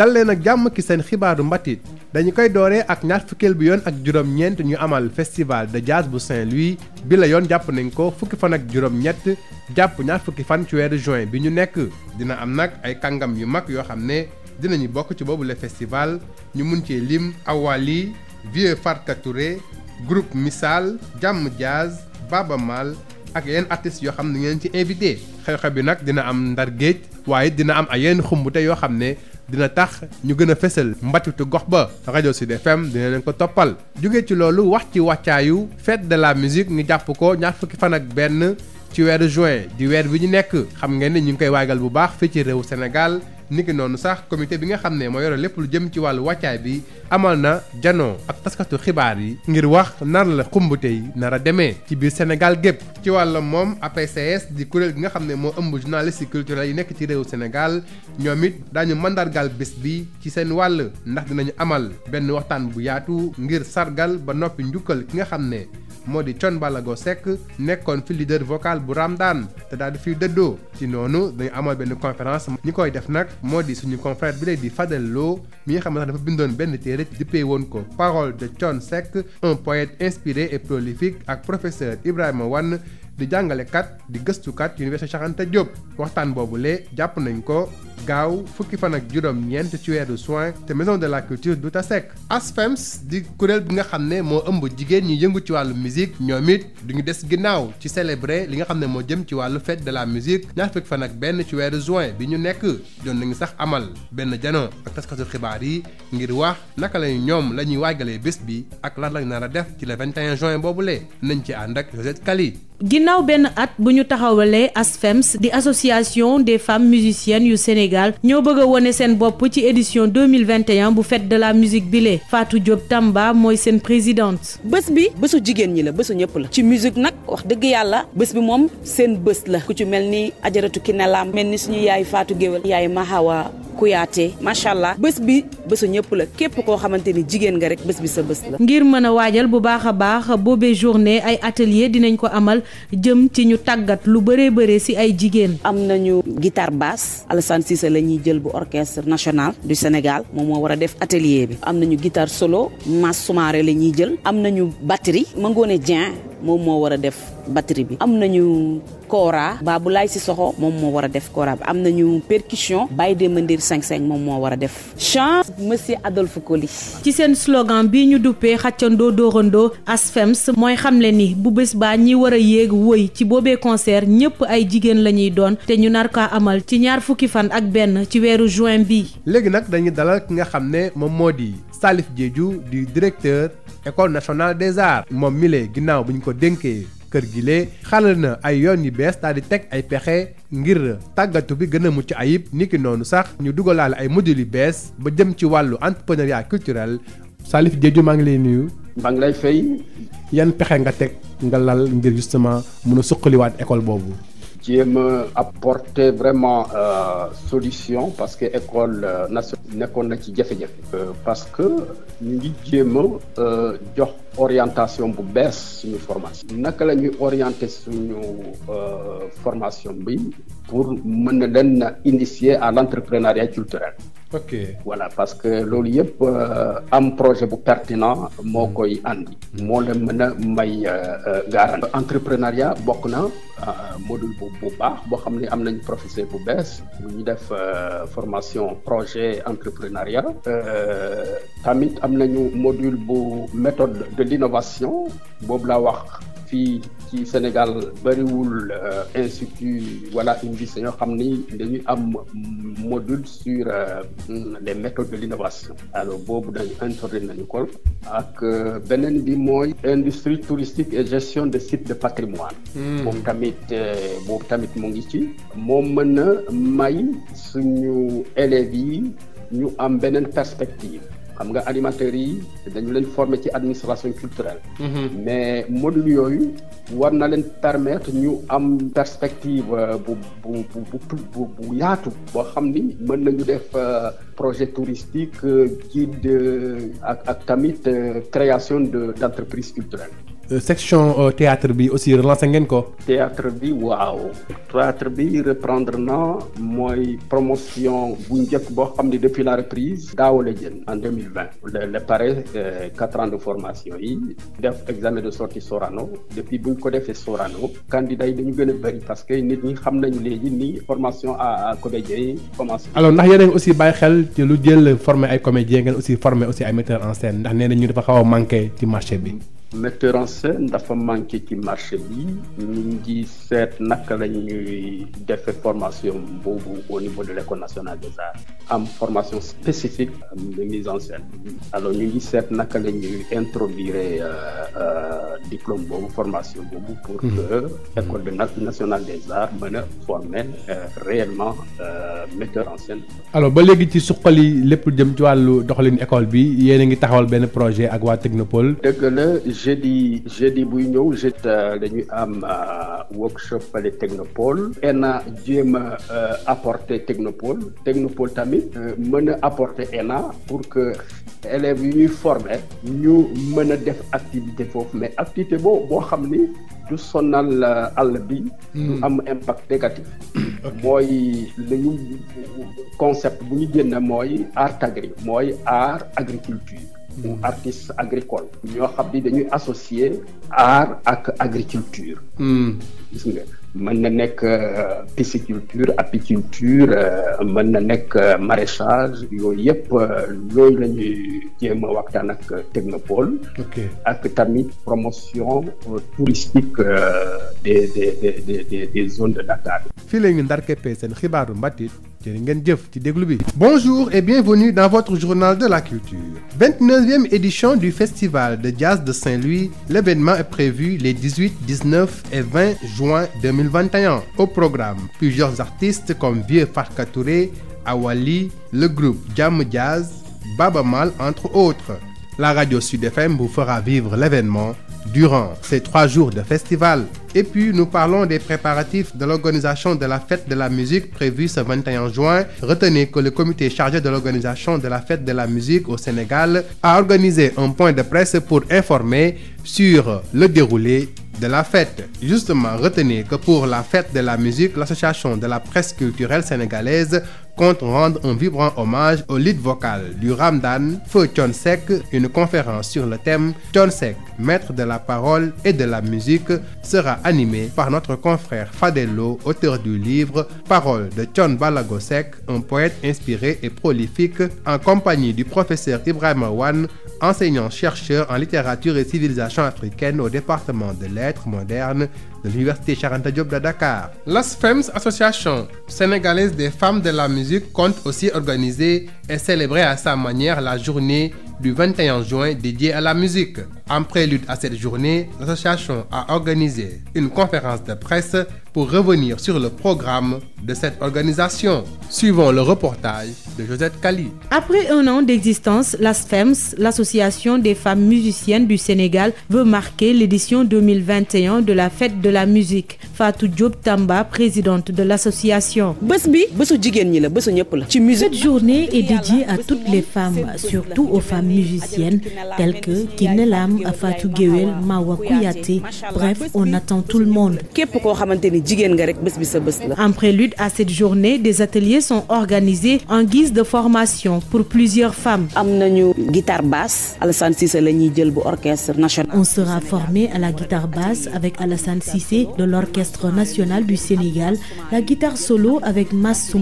dal leen ak jàmm ki seen xibaaru mbatit dañu koy dooree ak ñaar fukkeel bi yoon ak juróom-ñeent ñu amal festival de jazz bu Saint-Louis bi la yoon jàpp nañ ko fukki fan ak juróom-ñett jàpp ñaar fukki fan ci weeru juin bi ñu nekk dina am nag ay kàngam yu mag yoo xam ne dinañu bokk ci boobu le festival ñu mun cee lim Awali Vieux Farka Touré groupe Missal Jàmm Jazz Baba Mal ak yenn artistes yoo xam ne ngeen ci invité xew-xew bi nag dina am ndar géej waaye dina am ay yenn xumbute yoo xam ne. dina tax ñu gën a fesal mbàccutu gox ba rajo Sud FM dina leen ko toppal jóge ci loolu wax ci wàccaayu fête de la musique ñu jàpp ko ñaar fukki fan ak benn ci weeru juin di weer bi ñu nekk xam nga ni ñu ngi koy waagal bu baax fii ci réew Sénégal niki noonu sax comité bi nga xam ne moo yore lépp lu jëm ci wàllu wàccaay bi amal na janoo ak taskatu xibaar yi ngir wax nar la xumbute yi nar a demee ci biir Sénégal gépp ci wàll moom APCS di kuréel gi nga xam ne moo ëmb journaliste culturel yi nekk ci réew Sénégal ñoom it daañu mandargal bés bi ci seen wàll ndax dinañu amal benn waxtaan bu yaatu ngir sargal ba noppi njukkal ki nga xam ne moo di Thione Ballago sekk nekkoon fi leader vocal bu Raam Daan daal di fiy dëddoo ci noonu dañu amal benn conférence ñi koy def nag moo di suñu confrère bi lay di Fadel Lo mi nga xam ne dafa bindoon benn téere dippee woon ko parole de Thione Seck un poète inspiré et prolifique ak professeur Ibrahima Wane di jàngalekat di gëstukat université Cheikh Anta waxtaan boobu boobule jàpp nañ ko gaaw fukki fan ak juróom-ñeent ci weeru juin te maison de la culture du ta sec ASFEMS di kuréel bi nga xam ne moo ëmb jigéen ñi yëngu ci wàllu musique ñoom it duñu des ginnaaw ci célébrer li nga xam ne moo jëm ci wàllu fête de la musique ñaar fukki fan benn ci weeru juin bi ñu nekk doon nañu sax amal benn janoo ak taskatu xibaar yi ngir wax naka lañu ñoom la ñuy waajalee bés bi ak lan lañ nar a def ci le 21 juin boobule nañ ci ànd ak Josette Kali ginnaaw benn at bu ñu taxawalee ASFEMS di association des femmes musiciennes yu Sénégal ñoo bëgg a wone seen bopp ci édition 2021 bu fête de la musique bile faatu Diop Tamba mooy seen présidente. bés bi bésu jigéen ñi la bésu ñëpp la. ci musique nag wax dëgg yàlla bés bi moom seen bés la ku ci mel ni ajaratu ki nelaam mel ni suñu yaay faatu géwél yaay mahawa kuyaate macha allah bés bi bésu ñëpp la képp koo xamante ni jigéen nga rek bés bi sa bés la ngir mën a waajal bu baax a baax boobee journée ay atelier dinañ ko amal jëm ci ñu tàggat lu bëree bëree si ay jigéen am na ñu guitare basse Alassane Cissé la ñuy jël bu orchestre national du Sénégal moom moo war a def atelier bi am nañu guitare solo Mass Soumaré la ñuy jël am nañu batterie Mangone moom moo war a def batterie bi am nañu kora Baboulaye Sissoko moom moo war a def kora bi am nañu percussion Baye Demba cinq 55 moom moo war a def chant monsieur Adolphe Coly ci seen slogan bii ñu duppee xàccandoo dóorandoo ASFEMS mooy xamle ni bu bés baa ñi war a yéeg woy ci boobee concert ñëpp ay jigéen la ñuy doon te ñu narkaa amal ci ñaar fukki fan ak benn ci weeru juin bii léegi nag dañu dalal ki nga xam ne moom moo di Salif Diédhiou di directeur école nationale des arts moom mile ginnaaw bu ñu ko dénkee kër gi lee xalal na ay yoon yu bees daal di teg ay pexe ngir tàggatu bi gën a mucc ayib niki noonu sax ñu dugalaale ay module yu bees ba jëm ci wàllu entrepreneuriat culturel. Salif Diedhiou maa ngi lay nuyu. maa ngi lay fay. yan pexe nga teg nga lal ngir justement mun a suqaliwaat école boobu. jéem a apporter vraiment euh, solution parce que école euh, nationale nekkoon na ci jafe-jafe. Euh, parce que ñu ngi jéem a jox orientation bu bees suñu formation. naka la ñuy orienter suñu formation bi pour mën na leen initier à l'entrepreneuriat culturel. ok voilà parce que loolu yëpp euh, am projet bu pertinant moo hmm. koy andi. moo la mën a may euh, euh, garanti. entrepreneuriat bokk na module bu baax boo xam ne am nañ professeur bu bees bu ñu def formation projet entrepreneuriat. tamit am nañu modul bu méthode de l'innovation boobu laa wax. fii ci Sénégal bëriwul euh, institut wala INVIS yoo xam ni dañuy am module sur euh, les méthodes de l'innovation alors boobu dañu introduire nañu ko ak euh, beneen bi mooy industrie touristique et gestion des sites de patrimoine hmm. moom tamit boobu tamit mu ngi ci moom mën na may suñu élèves yi ñu am beneen perspective xam nga animateurs yi dañu leen former ci administration culturelle. Mhm. mais module yooyu war na leen permettre ñu am perspective euh, bu bu bu yaatu boo xam ni mën nañu def euh, projet touristique euh, guide ak ak tamit création de d'entreprise culturelle. section euh, théâtre bi aussi relancé ngeen ko. théâtre bi waaw. théâtre bi reprendre na mooy promotion bu njëkk boo xam ne depuis la reprise. daaw la jën en deux mille vingt. le pare euh, quatre ans de formation yi def examen de sortie Sorano depuis bu ñu ko defee Sorano. candidat yi dañu gën a bëri parce que nit ñi xam nañu léegi ni formation à comédien yi commencé. alors ndax yéen aussi bàyyi xel ci lu jël former ay comédien ngeen aussi former aussi ay metteurs en scène ndax nee na ñu dafa xaw a manqué ci marché bi. metteur en scène dafa ci marché bi ñu ngi seet naka la ñuy defee formation boobu au niveau de l'école nationale des arts am formation spécifique de mise en scène alors ñu ngi seet naka la ñuy introduire euh, euh, diplôme boobu formation boobu pour mm-hmm. que école de nationale des arts mën a former euh, réellement metteur en scène alors ba léegi ci suqali lépp jëm ci wàllu doxalin école bi yéen a ngi taxawal benn projet ak waa Technopole dëgg la jeudi jeudi buy ñëw jeudi dañuy am workshop pale technopole ENA jéem a euh, apporter technopole technopole tamit euh, mën a apporter ENA pour que élèves yi ñuy former ñu mën a def activité foofu mais activité bo boo xam ni du sonal euh, àll bi hmm. du am impact négatif mooy lañu ñu concept bu ñu génn mooy art agri mooy art agriculture ou artistes agricoles. ñoo xam ni dañuy associer art ak agriculture. Hmm. mën na nekk euh, pisciculture apiculture euh, mën na nekk euh, maraîchage yooyu yëpp loolu la ñuy jéem a waxtaan ak technopole. ak tamit promotion touristique des des des des des zones de Dakar. fii la ñu seen xibaaru mbatit jërë ngeen jëf ci déglu bi. Bonjour et bienvenue dans votre journal de la culture. 29e édition du Festival de jazz de Saint-Louis. L'événement est prévu les 18, 19 et 20 juin 2021. Au programme, plusieurs artistes comme Vieux Farka Touré, Awali, le groupe Jam Jazz, Baba Mal entre autres. La radio Sud FM vous fera vivre l'événement. durant ces trois jours de festival. Et puis, nous parlons des préparatifs de l'organisation de la fête de la musique prévue ce 21 juin. Retenez que le comité chargé de l'organisation de la fête de la musique au Sénégal a organisé un point de presse pour informer sur le déroulé de la fête. Justement, retenez que pour la fête de la musique, l'association de la presse culturelle sénégalaise compte rendre un vibrant hommage au lead vocal du Ramdan, Feu Sek, une conférence sur le thème Sek, maître de la parole et de la musique, sera animée par notre confrère Fadello, auteur du livre Parole de John Balagosek, un poète inspiré et prolifique, en compagnie du professeur Ibrahim Wan, enseignant-chercheur en littérature et civilisation africaine au département de lettres modernes de l'Université Charanta Diop musique compte aussi organiser et célébrer à sa manière la journée du 21 juin dédiée à la musique. En prélude à cette journée, l'association a organisé une conférence de presse pour revenir sur le programme de cette organisation, suivant le reportage de Josette Kali. Après un an d'existence, l'ASFEMS, l'association des femmes musiciennes du Sénégal, veut marquer l'édition 2021 de la fête de la musique. Fatou Diop Tamba, présidente de l'association. Cette journée est dédiée à toutes les femmes, surtout aux femmes musiciennes telles que Kinelam, ñoom Afatou Guewel Mawa Kouyaté bref on attend tout le monde. képp la. en prélude à cette journée des ateliers sont organisés en guise de formation pour plusieurs femmes. am nañu guitare basse Alassane Cissé de l'orchestre national du Sénégal la guitare solo avec Mass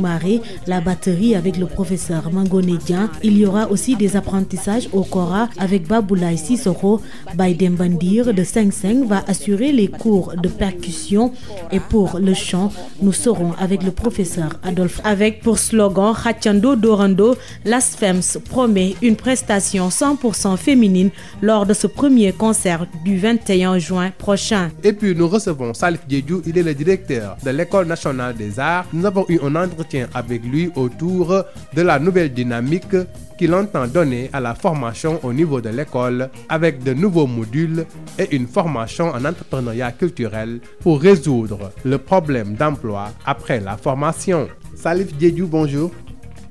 la batterie avec le professeur Mangone il y aura aussi des apprentissages au kora avec Baboulaye Sissoko Baïdembandir de 5-5 va assurer les cours de percussion et pour le chant, nous serons avec le professeur Adolphe. Avec pour slogan Hachando Dorando, Las FEMS promet une prestation 100% féminine lors de ce premier concert du 21 juin prochain. Et puis nous recevons Salif Diédiou, il est le directeur de l'École nationale des arts. Nous avons eu un entretien avec lui autour de la nouvelle dynamique qu'il entend donner à la formation au niveau de l'école avec de nouveaux modules et une formation en entrepreneuriat culturel pour résoudre le problème d'emploi après la formation. Salif Diédiou, bonjour.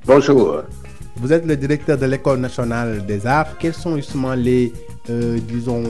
Bonjour. Vous êtes le directeur de l'École nationale des arts. Quelles sont justement les, euh, disons,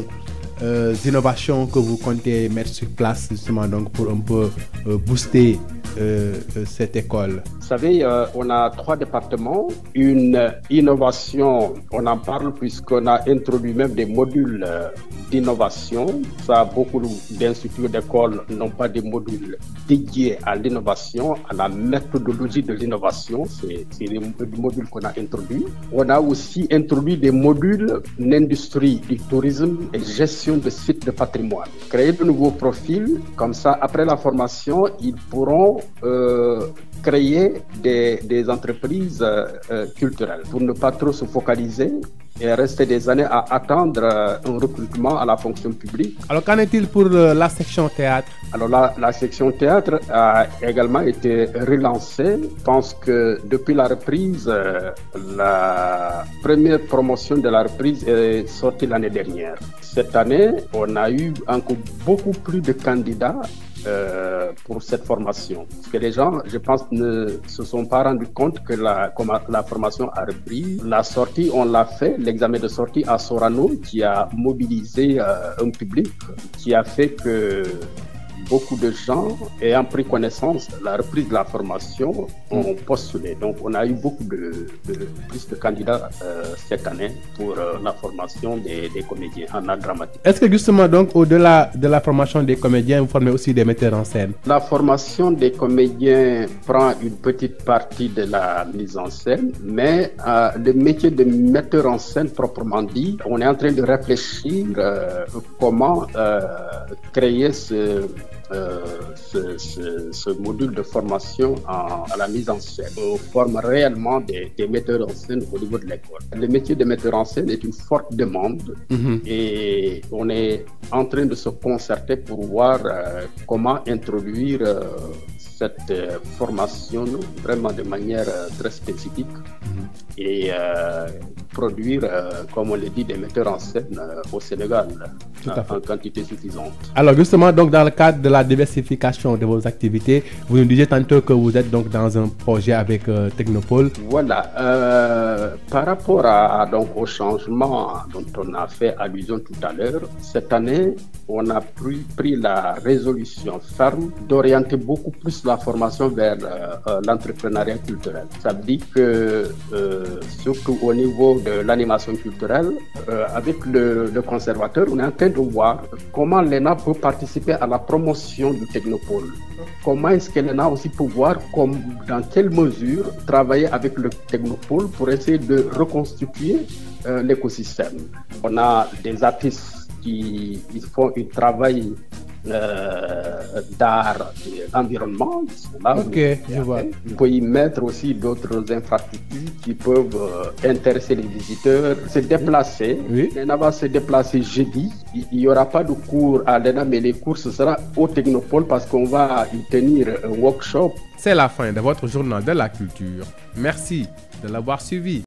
euh, innovations que vous comptez mettre sur place justement donc pour un peu euh, booster euh, euh, cette école Vous savez, euh, on a trois départements. Une euh, innovation, on en parle puisqu'on a introduit même des modules euh, d'innovation. Ça, beaucoup d'instituts d'école n'ont pas à l'innovation, de l'innovation. C'est les modules qu'on a introduits. On a aussi introduit des modules d'industrie du tourisme et de sites de patrimoine. Créer de nouveaux profils, comme ça, après la formation, ils pourront euh, créer des, des entreprises euh, euh, culturelles pour ne pas trop se focaliser et rester des années à attendre euh, un recrutement à la fonction publique. Alors qu'en est-il pour euh, la section théâtre Alors la, la, section théâtre a également été relancée. Je pense que depuis la reprise, la première promotion de la reprise est sortie l'année dernière. Cette année, on a eu beaucoup plus de candidats euh, pour cette formation. Parce que les gens, je pense, ne se sont pas rendus compte que la, la formation a repris. La sortie, on l'a fait, l'examen de sortie à Sorano, qui a mobilisé euh, un public, qui a fait que beaucoup de gens ayant pris connaissance de la reprise de la formation ont mm. postulé. Donc, on a eu beaucoup de, de candidats euh, cette année pour euh, la formation des, des, comédiens en art dramatique. Est-ce que justement, donc, au-delà de la formation des comédiens, vous formez aussi des La formation des comédiens prend une petite partie de la mise en scène, mais euh, le métier de metteur en scène proprement dit, on est en train de réfléchir euh, comment créer ce Euh, ce, ce, module de formation en, à la mise en scène. On forme réellement des, des en scène au niveau de l'école. Le métier de metteur en scène est une forte demande mhm. et on en train de se concerter pour voir euh, comment introduire euh, cette euh, formation de manière euh, très spécifique mhm. et produire, euh, comme on le dit, des metteurs en scène euh, au Sénégal euh, en, quantité suffisante. justement, dans le cadre de la diversification de vos activités, vous nous disiez tantôt que projet avec euh, Technopole. par rapport à, donc au changement dont on a fait allusion tout à l'heure, cette année, on a pris, la résolution ferme d'orienter beaucoup plus la formation vers l'entrepreneuriat culturel. Ça veut dire que surtout au niveau de l'animation culturelle, euh, avec le, le, conservateur, on est en train de voir comment l'ENA peut participer à la promotion du technopôle. Comment est-ce que l'ENA aussi peut voir dans quelle mesure travailler avec le technopôle pour essayer de reconstituer euh, l'écosystème. On a des artistes qui font un travail Euh, d'art et euh, environnement. Là ok, je vois. Vous y mettre aussi d'autres infrastructures qui peuvent euh, intéresser les visiteurs, se déplacer. Oui. L'ENA va se déplacer jeudi. Il n'y aura pas de cours à l'ENA, mais les cours, ce sera au Technopole parce qu'on va y tenir un workshop. C'est la fin de votre journal de la culture. Merci de l'avoir suivi.